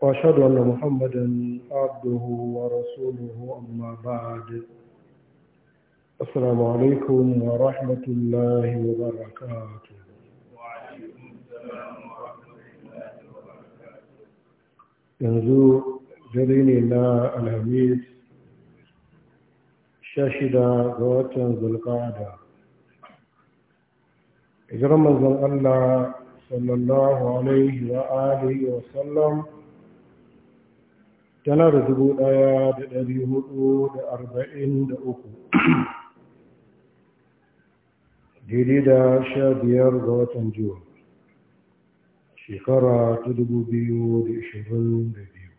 وأشهد أن محمدا عبده ورسوله أما بعد السلام عليكم ورحمة الله وبركاته وعليكم السلام ورحمة الله وبركاته ينزو جريني الله الهميس شاشدا غوتا ذو القعدة إجرم الله صلى الله عليه وآله وسلم tana da dubu ɗaya da ɗari hudu da arba'in da uku daidai da sha biyar ga watan jiwa shekara ta dubu biyu da ishirin da biyu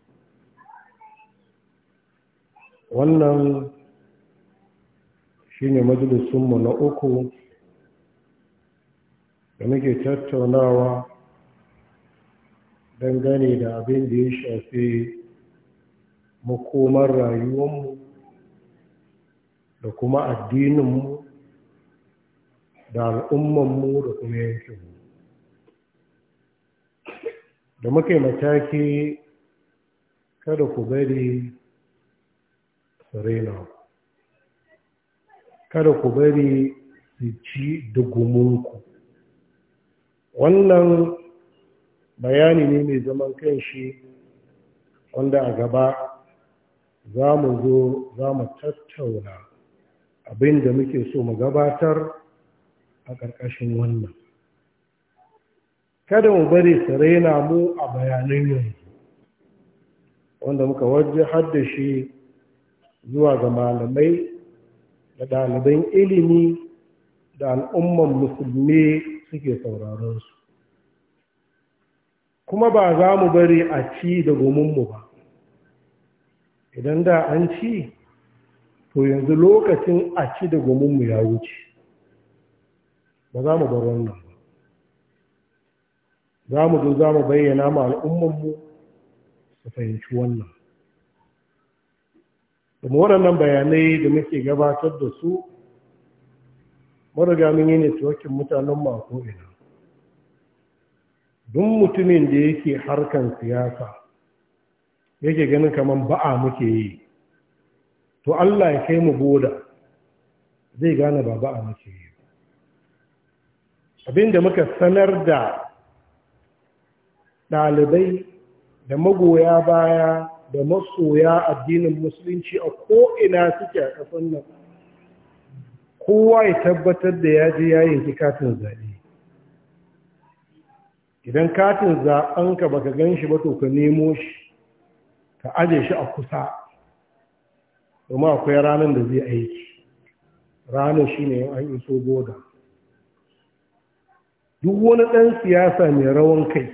wannan shine majalisunmu na uku da muke tattaunawa dangane da abin da ya shafi makomar rayuwanmu da kuma addininmu da al'ummanmu da kuma yankinmu da muke mataki kada ku bari serena kada ku bari su ci dugumunku wannan bayani ne mai zaman kanshi wanda a gaba za mu zo za mu tattauna abin da muke so mu gabatar a ƙarƙashin wannan kada mu bari su raina mu a bayanan yanzu wanda muka waje da shi zuwa ga malamai da ɗaliban ilimi da al'umman musulmi suke sauraron su kuma ba za mu bari a ci da gominmu ba idan da an ci to yanzu lokacin a ci da gominmu ya wuce ba za mu bar wannan ba za mu zo za mu bayyana ma mu, su fahimci wannan kuma waɗannan bayanai da muke gabatar da su mariga mun yi networkin mutanen mako ina duk mutumin da yake harkan siyasa yake ganin kamar ba'a muke yi to Allah ya kai mu boda zai gane ba ba'a muke yi abinda muka sanar da ɗalibai da magoya baya da masoya addinin musulunci a ko'ina suke a ƙasar nan kowa ya tabbatar da ya je ya yanki katin zaɓe idan katin zaɓenka baka gan shi ba to ka nemo shi ka aje shi a kusa domin akwai ranar da zai aiki ranar shi ne an iso boda duk wani ɗan siyasa mai rawan kai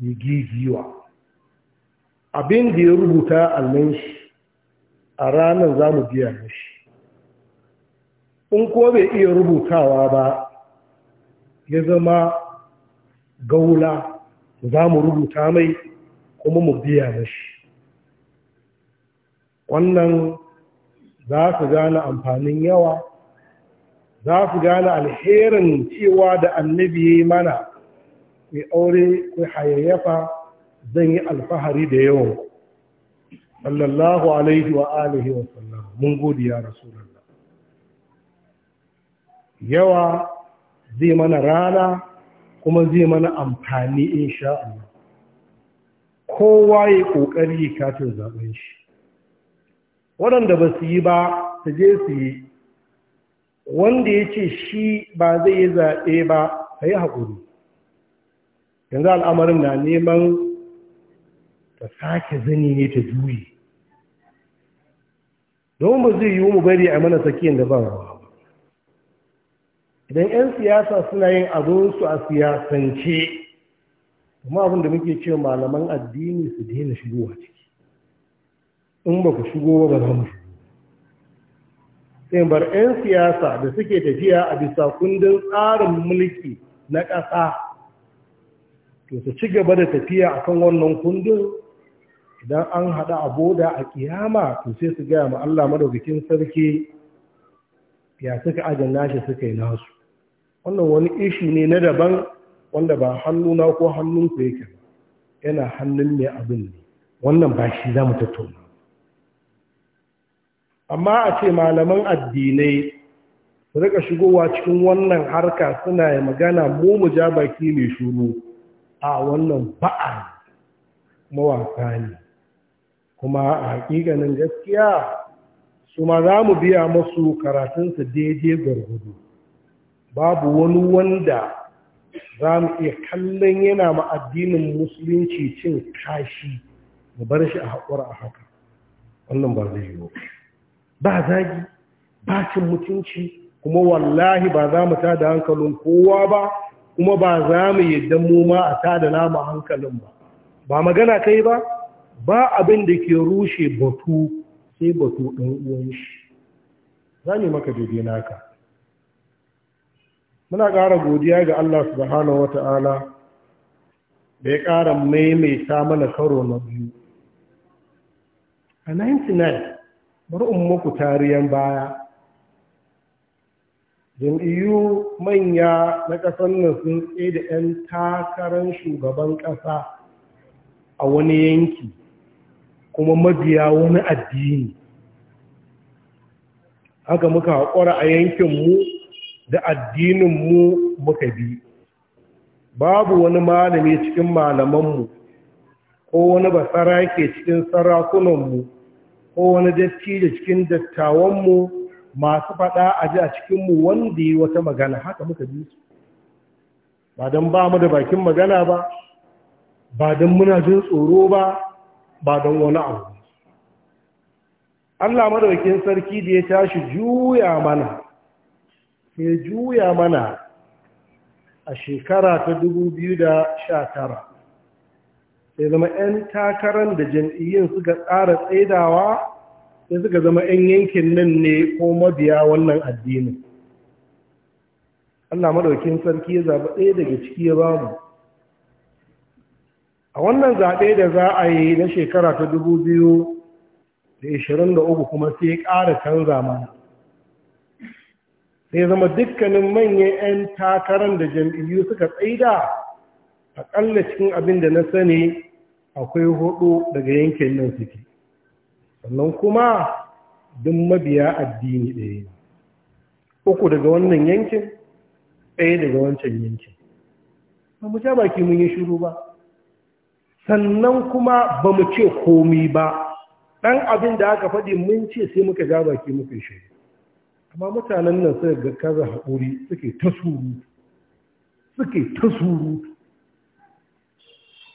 ya gigiwa abin da ya rubuta allon shi a ranar za mu biya shi. in ko bai iya rubutawa ba ya zama gaula za mu rubuta mai kuma mu biya mashi wannan za su gane amfanin yawa za su gane alherin cewa da annabi ya yi mana ya aure ku hayayyafa zan yi alfahari da yawan sallallahu alaihi wa alihi wa sallam mun gode ya rasulullah yawa zai mana rana kuma zai mana amfani in sha Allah kowa ya ƙoƙari katin zaɓen shi waɗanda ba su yi ba su je su yi wanda ya ce shi ba zai yi zaɓe ba ka yi haƙuri yanzu al'amarin na neman ta sake zani ne ta juyi don ba zai yi mu bari a mana tsakiyar da ba idan 'yan siyasa suna yin su a siyasance kuma abin da muke cewa malaman addini su daina shigowa ciki in ba ku shigo ba ba za mu shigo sai bar 'yan siyasa da suke tafiya a bisa kundin tsarin mulki na ƙasa to su ci gaba da tafiya a kan wannan kundin idan an haɗa a boda a kiyama to sai su gaya ma Allah madaukakin sarki ya suka ajin nashi suka yi nasu wannan wani ishi ne na daban wanda ba hannuna ko hannunku yake ba yana hannun mai abin ne wannan ba shi za mu tattauna amma a ce malaman addinai su rika shigowa cikin wannan harka suna yi magana mu mu ja baki mai shuru a wannan ba'a mawaka ne kuma a hakikanin gaskiya su ma za mu biya masu karatunsa daidai gargudu babu wani wanda za mu iya kallon yana ma addinin musulunci cin kashi mu bar shi a haƙura a haka wannan ba zai yiwu ba zagi ba cin mutunci kuma wallahi ba za mu tada hankalin kowa ba kuma ba za mu yadda mu ma a tada namu hankalin ba ba magana kai ba ba abin da ke rushe batu sai batu ɗan uwan shi za ne maka daidai naka muna ƙara godiya ga Allah subhanahu wa ta'ala da ya ƙara maimaita mana karo na biyu a 99 bari in muku tariyan baya jam'iyyu manya na ƙasar nan sun tsaye da 'yan takarar shugaban ƙasa a wani yanki kuma mabiya wani addini haka muka haƙura a yankinmu da addininmu muka bi babu wani malami cikin malamanmu ko wani basara ke cikin sarakunanmu ko wani dattijo cikin dattawanmu masu faɗa a ji a cikinmu wanda yi wata magana haka muka bi su ba don ba mu da bakin magana ba ba don muna jin tsoro ba ba don wani abu Allah madaukin sarki da ya tashi juya mana ke juya mana a shekara ta 2019 sai zama 'yan takarar da jam'iyyun suka tsara tsaidawa sai suka zama 'yan yankin nan ne ko mabiya wannan addinin Allah maɗaukin sarki ya zaɓi ɗaya daga ciki ya bamu a wannan zaɓe da za a yi na shekara ta 2023 kuma sai ya ƙara canza mana sai zama dukkanin manyan 'yan takarar da jam'iyyu suka tsaida aƙalla cikin abin da na sani akwai hudu daga yankin nan suke sannan kuma duk mabiya addini ɗaya uku daga wannan yankin ɗaya daga wancan yankin ba mu ja baki mun yi shiru ba sannan kuma ba mu ce komi ba ɗan abin da aka faɗi mun ce sai muka ja baki muka shiru amma mutanen nan sai ga kaza haƙuri suke ta surutu suke ta surutu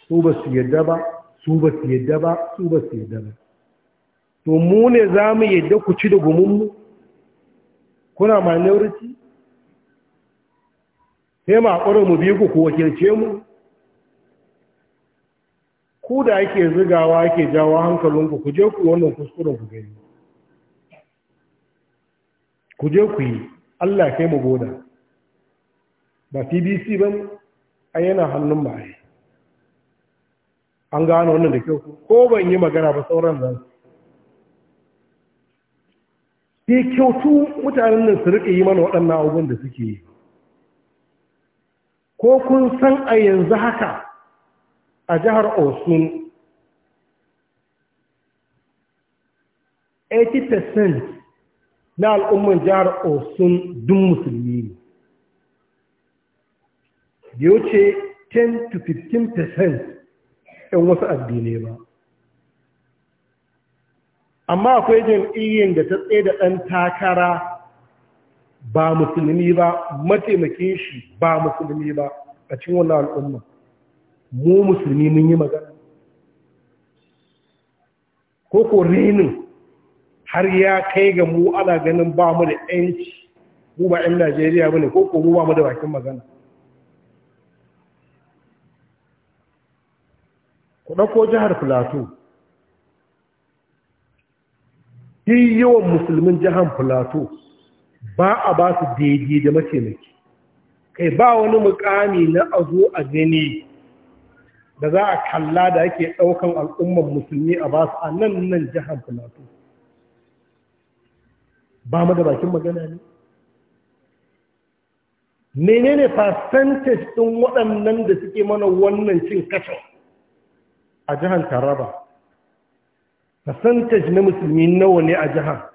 su ba su yadda ba su ba su yadda ba su ba su yadda ba to mu ne za mu yadda ku ci da gumunmu kuna minority sai ma haƙurin mu biyu ku ku wakilce mu ku da ake zigawa ake jawo hankalinku ku je ku wannan kuskuren ku gani ku je ku yi Allah kai mu goda ba TBC ba a yana hannun ba an gano wannan da kyau ko ban yi magana ba sauran nan sai kyautu mutanen nan su riƙe yi mana waɗannan abubuwan da suke yi ko kun san a yanzu haka a jihar osun 80% na al'umman jihar osun dun musulmi ne da ce 10-15% ‘yan wasu addinai ba amma akwai jam'iyyar da ta tsaye da ɗan takara ba musulmi ba mataimakin shi ba musulmi ba a cikin wannan al'umma mu musulmi mun yi magana ko ko renin har ya kai ga mu ana ganin ba mu da yanci mu ba 'yan najeriya ba ne ko mu ba mu da bakin magana ku ɗauko jihar filato yi yawan musulmin jihar filato ba a ba su daidai da mataimaki kai ba wani mukami na azo a gani da za a kalla da ake ɗaukan al'ummar musulmi a ba su a nan nan jihar filato ba mu da bakin magana ne menene percentage din waɗannan da suke mana wannan cin kashin a jihar taraba percentage na musulmi nawa ne a jihar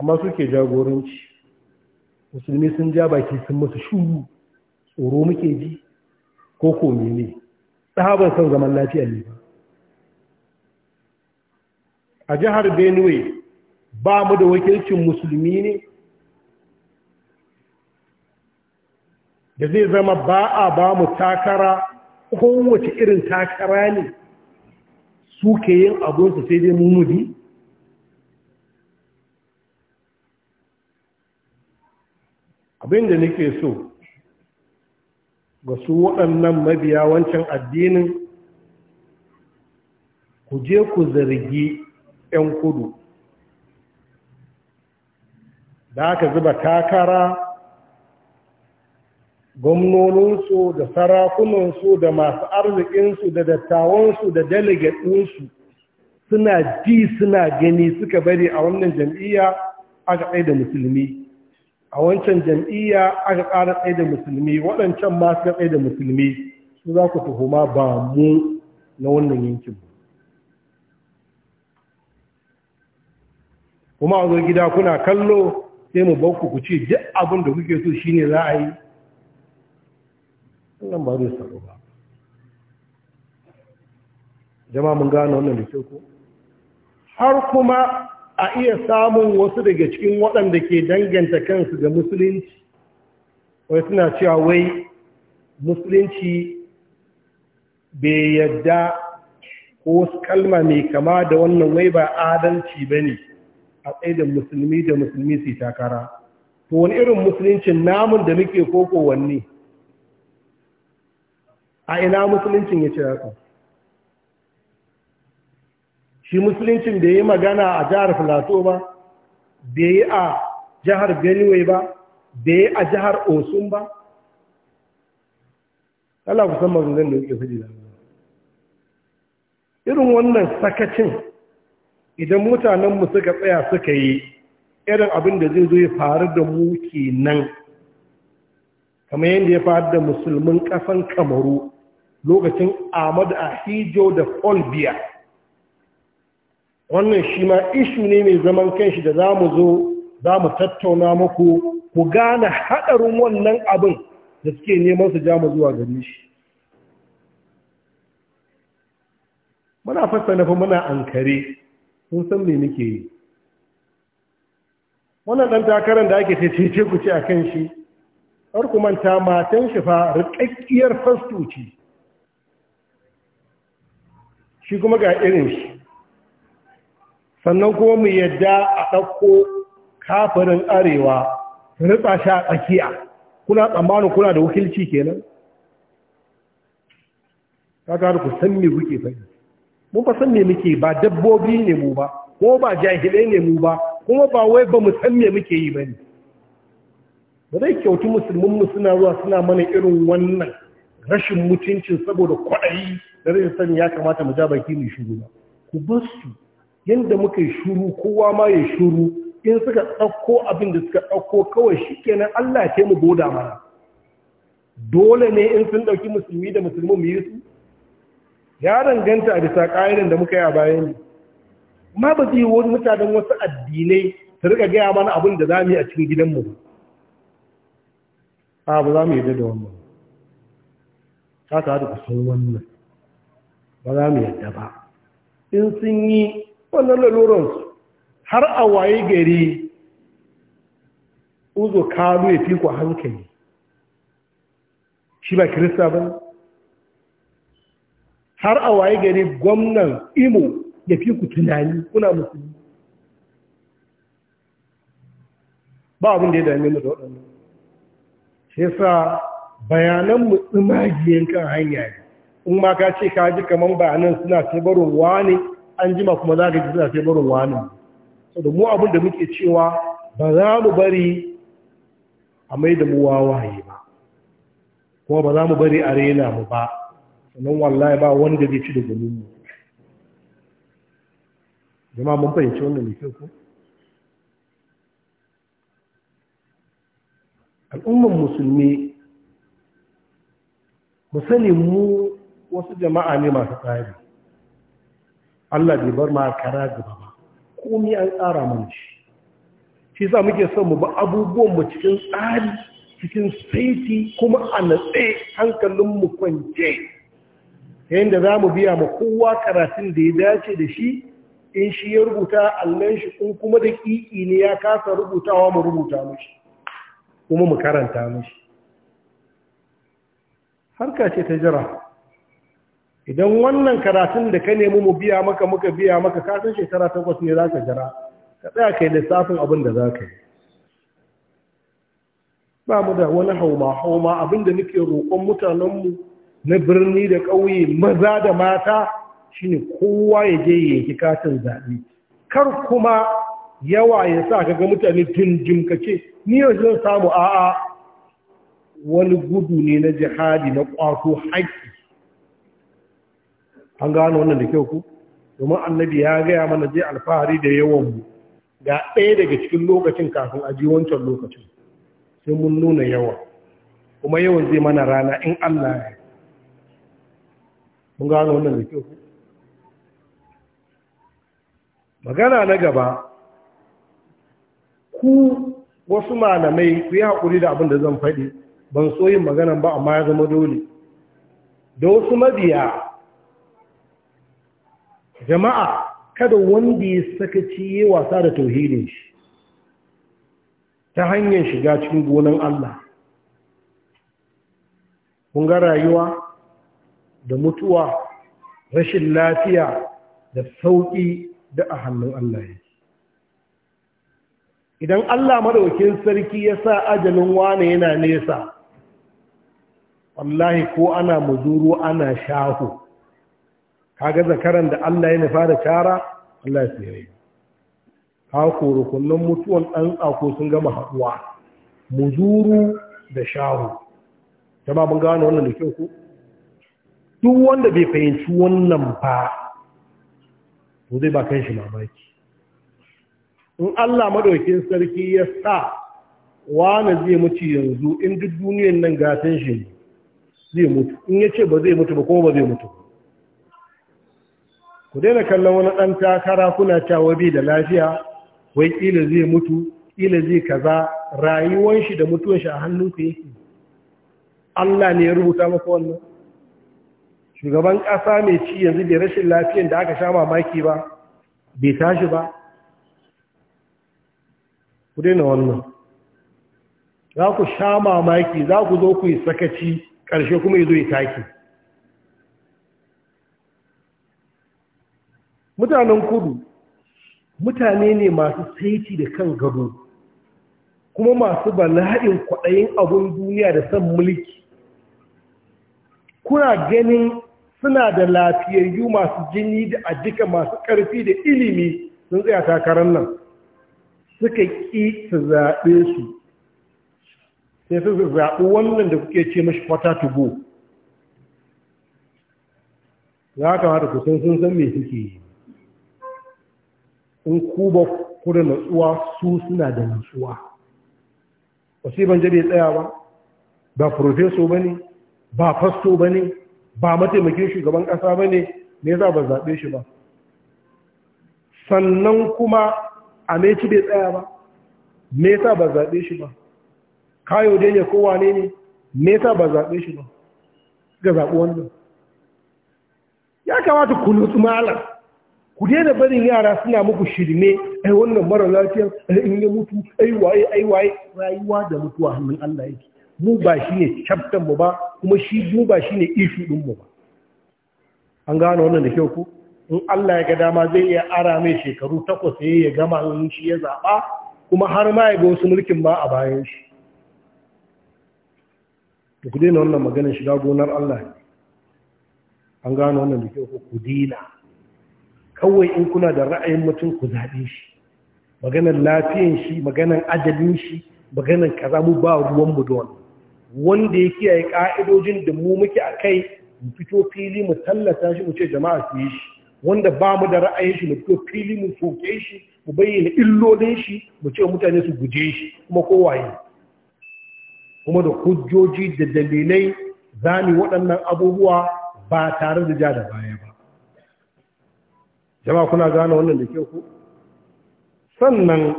amma suke jagoranci musulmi sun ja baki sun musu shuru tsoro muke ji ko komi ne ɗahaban son zaman lafiya ne ba a jihar benue ba mu da wakilcin musulmi ne da zai zama ba a ba mu takara kowace irin takara ne suke yin su sai dai mummudi abinda nake so ga su waɗannan mabiya wancan addinin ku je ku zargi 'yan kudu da aka zuba takara gwamnoninsu da sarakunansu da masu arzikinsu da dattawansu da delegatinsu suna ji suna gani suka bari a wannan jam'iyya aka tsaye da musulmi a wancan jam'iyya aka ƙara tsaye da musulmi waɗancan ma suka tsaye da musulmi su za ku tuhuma ba mu na wannan yankin kuma a zo gida kuna kallo sai mu bauku ku ce duk abin da kuke so shine za a yi wannan ba zai sako ba jama'a mun gano wannan da kyau ko har kuma a iya samun wasu daga cikin waɗanda ke danganta kansu ga musulunci wai suna cewa wai musulunci bai yadda ko kalma mai kama da wannan wai ba adalci ba ne a tsaye da musulmi da musulmi su takara to wani irin musuluncin namun da muke koko wanne a ina musuluncin ya ce haka shi musuluncin da yi magana a jihar filato ba da yi a jihar benue ba da yi a jihar osun ba Allah ku san maganganun da yake faɗi da irin wannan sakacin idan mutanenmu suka tsaya suka yi irin abin da zai zo ya faru da mu kenan kamar yadda ya faru da musulmin ƙasan kamaru lokacin ahmad ahijo da folbiya wannan shi ma ishu ne mai zaman kanshi da za mu zo za mu tattauna muku ku gane haɗarin wannan abin da suke neman su ja mu zuwa gare shi muna fasa fa muna ankare sun san me muke yi wannan ɗan takarar da ake tece ku ci a kan shi har ku manta matan shi fa rikakkiyar fastoci shi kuma ga irin shi sannan kuma mu yadda a ɗauko kafirin arewa ritsa shi a tsakiya kuna tsammanin kuna da wakilci kenan ta ku san me kuke faɗi mu ba san me muke ba dabbobi ne mu ba ko ba jahilai ne mu ba kuma ba wai ba mu san me muke yi bane ba zai kyautu musulmin mu suna zuwa suna mana irin wannan rashin mutuncin saboda kwaɗayi da zai sani ya kamata mu ja baki mu shuru ba ku bar su yanda muka shuru kowa ma ya shuru in suka ɗauko abin da suka ɗauko kawai shi kenan Allah ya mu goda mana dole ne in sun ɗauki musulmi da musulmi mu yi su ya danganta a bisa ƙa'idar da muka yi a bayan ne ma ba zai wani mutanen wasu addinai ta rika gaya mana abin da za mu yi a cikin gidanmu ba a ba za mu yi da wannan ta ta da kusan wannan ba za mu yadda ba in sun yi wannan laluransu har a waye gari uzo kalu ya fi ku hankali shi ba kirista ba har a waye gari gwamnan imo ya fi ku tunani kuna musulmi ba abin da ya dame mu da waɗannan shi yasa bayanan mu tsumagiyan kan hanya ne in ma ka ce ka ji kamar bayanan suna tebarin wani an jima kuma za ka ji suna tebarin wani so da mu abin da muke cewa ba za mu bari a mai da mu wawaye ba kuma ba za mu bari a rena mu ba sannan wallahi ba wanda zai ci da gani mu jama'a mun fahimci wannan ne kyau ko al'umman musulmi mu sani mu wasu jama'a ne masu tsari Allah bai bar ma kara gaba ba komai an tsara mun shi shi sa muke son mu ba abubuwan mu cikin tsari cikin saiti kuma a natse hankalin mu kwance yayin yadda za mu biya ma kowa karatun da ya dace da shi in shi ya rubuta allon shi in kuma da ƙiƙi ne ya kasa rubutawa mu rubuta mashi kuma mu karanta mashi harka ce ta jira idan wannan karatun da ka nemi mu biya maka muka biya maka kasan shekara takwas ne za ka jira ka tsaya ka yi lissafin abin da za ka yi ba mu da wani hauma hauma abin da nake roƙon mutanenmu na birni da ƙauye maza da mata shi ne kowa ya je yanki katin zaɓe kar kuma yawa ya sa ka ga mutane tun ce. ni yau zan samu a'a wani gudu ne na jihadi na ƙwato haƙƙi an gano wannan da kyau ku domin annabi ya gaya mana je alfahari da yawan mu. ga ɗaya daga cikin lokacin kafin a ji wancan lokacin sai mun nuna yawa kuma yawan zai mana rana in Allah ya mun gano wannan da kyau magana na gaba ku wasu malamai ku yi haƙuri da abin da zan faɗi ban so yin maganan ba amma ya zama dole da wasu mabiya jama'a kada wanda ya saka ya wasa da tauhidin shi ta hanyar shiga cikin gonan Allah kun ga rayuwa da mutuwa rashin lafiya da sauƙi da a hannun Allah ya idan Allah maɗaukin sarki ya sa ajalin wane yana nesa wallahi ko ana muzuru ana shahu kaga zakaran da Allah ya nufa da cara Allah ya tsere haka rukunin mutuwan ɗan tsako sun gama haɗuwa muzuru da shahu jama mun gano wannan da kyau ku duk wanda bai fahimci wannan ba to zai ba kan shi mamaki in Allah madaukin sarki ya sa wani zai mutu yanzu in duk duniyan nan gatan shi zai mutu in ya ce ba zai mutu ba kuma ba zai mutu ku daina kallon wani ɗan takara kuna cewa bai da lafiya wai ƙila zai mutu ƙila zai kaza rayuwan shi da mutuwan shi a hannunku yake Allah ne ya rubuta maka wannan shugaban ƙasa mai ci yanzu bai rashin lafiyan da aka sha mamaki ba bai tashi ba ku daina wannan za ku sha mamaki za ku zo ku yi sakaci ƙarshe kuma yi zo yi taki mutanen kudu mutane ne masu saiti da kan gado kuma masu bala'in kwaɗayin abun duniya da san mulki kuna ganin suna da lafiyayyu masu jini da ajika masu ƙarfi da ilimi sun tsaya takarar nan suka ƙi su zaɓe su sai su zaɓi wannan da kuke ce mashi kwata to go za ka hada kusan sun san me suke yi in ku ba ku da natsuwa su suna da natsuwa wasu ban jabe tsaya ba ba profeso ba ne ba fasto ba ne ba mataimakin shugaban ƙasa ba ne me ba zaɓe shi ba sannan kuma a meci bai tsaya ba me yasa ba zaɓe shi ba kayo dai kowa ne ne me ba zaɓe shi ba ga zaɓi wannan ya kamata ku nutsu malam ku daina barin yara suna muku shirme ai wannan mara lafiyar in ya mutu ai waye ai waye rayuwa da mutuwa hannun Allah yake mu ba shi ne chapter mu ba kuma shi mu ba shi ne ishu din mu ba an gano wannan da kyau ku in Allah ya ga dama zai iya ara mai shekaru takwas ya ya gama in shi ya zaɓa kuma har ma ya ga wasu mulkin ma a bayan shi da ku daina wannan maganin shiga gonar Allah ne an gano wannan da kyau ku dina. kawai in kuna da ra'ayin mutum ku zaɓe shi maganar lafiyan shi maganar ajalin shi maganar kaza mu ba ruwan mu da wanda ya kiyaye ka'idojin da mu muke a kai mu fito fili mu tallata shi mu ce jama'a su yi shi wanda ba mu da ra'ayin shi mu fito fili mu soke shi mu bayyana illolin shi mu ce mutane su guje shi kuma kowaye kuma da hujjoji da dalilai za mu waɗannan abubuwa ba tare da ja da baya ba jama'a kuna gane wannan da ke ku sannan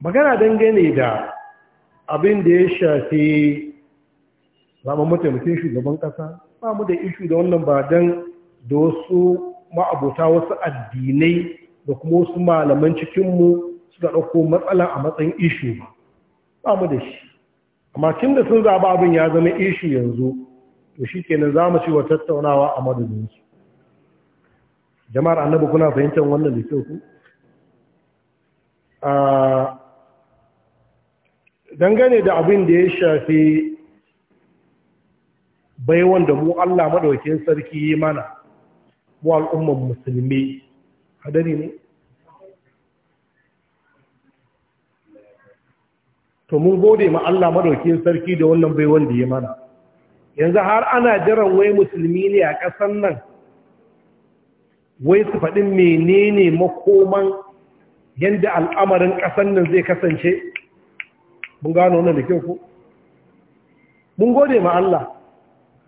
magana dangane da abin da ya shafi zama mataimakin shugaban ƙasa ba mu da ishu da wannan ba don da wasu ma'abuta wasu addinai da kuma wasu malaman cikinmu suka ɗauko matsala a matsayin ishu ba ba mu da shi amma tun da sun zaba abin ya zama ishu yanzu to shi kenan za mu ci wa tattaunawa a madadinsu jama'ar annabi kuna fahimtar wannan da kyau ku ah, dangane da abin da ya shafi baiwan da mu Allah maɗaukin sarki yi mana mu al'umman musulmi hadari ne to mun gode ma Allah maɗaukin sarki da wannan baiwan da ya mana yanzu har ana jiran wai musulmi ne a ƙasan nan wai su faɗin menene makoman yadda al'amarin ƙasan nan zai kasance mun gano wannan da kyau ko mun gode ma Allah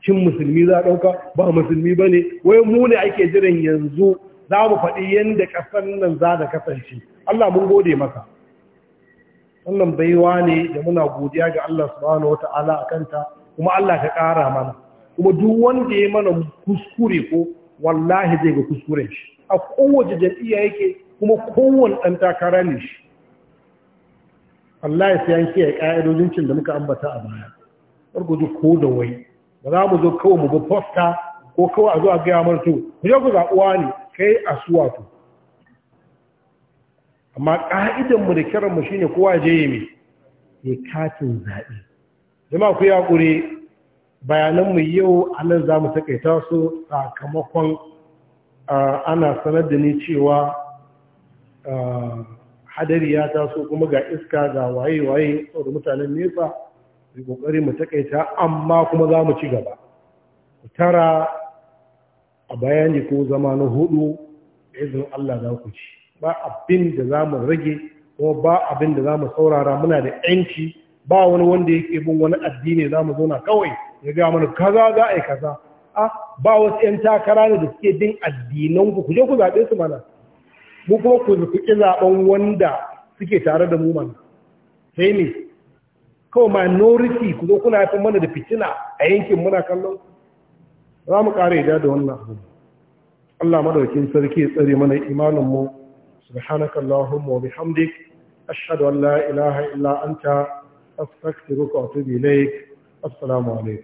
shin musulmi za ɗauka ba musulmi ba ne wai mu ne ake jiran yanzu za mu faɗi yanda ƙasar nan za da kasance Allah mun gode maka wannan baiwa ne da muna godiya ga Allah subhanahu wata'ala akan kanta kuma Allah ka ƙara mana kuma duk wanda ya mana kuskure ko wallahi zai ga kuskuren shi a kowace jam'iyya yake kuma kowane ɗan takara ne shi ya sai an kiyaye ƙa’idojin cin da muka ambata a baya gurgudu ko da wai ba za mu zo kawai mu bi posta ko kawai a zo a gaya marto, ku je ku zaɓuwa ne kai a suwa to amma ƙa'idan mu da kiran mu shine kowa je yi mai ya katin zaɓe jama'a ku ya ƙure bayanan mu yau a nan za mu taƙaita su sakamakon ana sanar da ni cewa hadari ya taso kuma ga iska ga waye-waye da mutanen nesa da kokari mu takaita amma kuma za mu ci gaba tara a bayani ko zama na hudu Allah za ku ci ba abin da za mu rage kuma ba abin da za mu saurara muna da yanci ba wani wanda yake bin wani addini za mu zauna kawai ya ga mana kaza za a kaza a ah, ba wasu 'yan takara ne da suke bin addinan ku je ku zaɓe su mana mu kuma ku zuƙi zaɓen wanda suke tare da mu mana sai ne kawai minority ku zo kuna haifar mana da fitina a yankin muna kallon za mu ƙara yada da wannan abu Allah madaukin sarki ya tsare mana imanin mu subhanaka allahumma wa bihamdik ashhadu an la ilaha illa anta astaghfiruka wa atubu ilaik assalamu alaikum